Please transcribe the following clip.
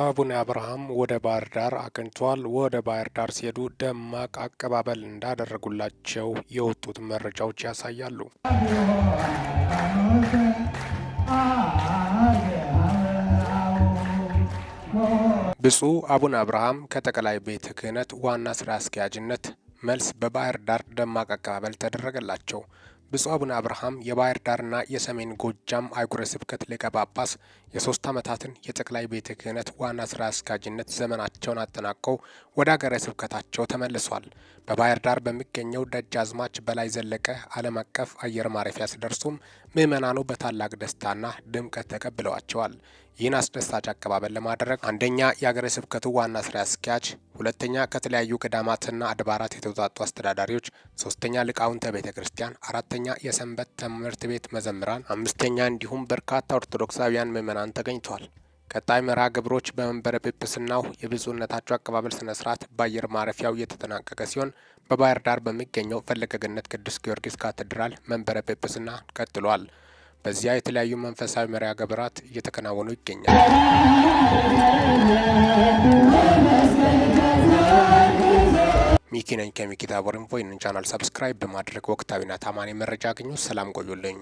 አቡነ አብርሃም ወደ ባህር ዳር አቅንቷል። ወደ ባህር ዳር ሲሄዱ ደማቅ አቀባበል እንዳደረጉላቸው የወጡት መረጃዎች ያሳያሉ። ብፁዕ አቡነ አብርሃም ከጠቅላይ ቤተ ክህነት ዋና ስራ አስኪያጅነት መልስ በባህር ዳር ደማቅ አቀባበል ተደረገላቸው። ብፁዕ አቡነ አብርሃም የባህር ዳርና የሰሜን ጎጃም አህጉረ ስብከት ሊቀ ጳጳስ የሶስት ዓመታትን የጠቅላይ ቤተ ክህነት ዋና ስራ አስኪያጅነት ዘመናቸውን አጠናቀው ወደ አገረ ስብከታቸው ተመልሷል። በባህር ዳር በሚገኘው ደጃዝማች በላይ ዘለቀ ዓለም አቀፍ አየር ማረፊያ ሲደርሱም ምዕመናኑ በታላቅ ደስታና ድምቀት ተቀብለዋቸዋል። ይህን አስደሳች አቀባበል ለማድረግ አንደኛ የአገረ ስብከቱ ዋና ስራ አስኪያጅ ሁለተኛ ከተለያዩ ገዳማትና አድባራት የተውጣጡ አስተዳዳሪዎች፣ ሶስተኛ ሊቃውንተ ቤተ ክርስቲያን፣ አራተኛ የሰንበት ትምህርት ቤት መዘምራን፣ አምስተኛ እንዲሁም በርካታ ኦርቶዶክሳውያን ምዕመናን ተገኝተዋል። ቀጣይ መርሃ ግብሮች በመንበረ ጵጵስናው የብፁዕነታቸው አቀባበል ስነ ስርዓት በአየር ማረፊያው የተጠናቀቀ ሲሆን በባህር ዳር በሚገኘው ፈለገ ገነት ቅዱስ ጊዮርጊስ ካቴድራል መንበረ ጵጵስና ቀጥሏል። በዚያ የተለያዩ መንፈሳዊ መርሃ ግብራት እየተከናወኑ ይገኛል። ነኝ። ከሚኪታ ቦሪንፎ። ይህንን ቻናል ሰብስክራይብ በማድረግ ወቅታዊና ታማኒ መረጃ አግኙ። ሰላም ቆዩልኝ።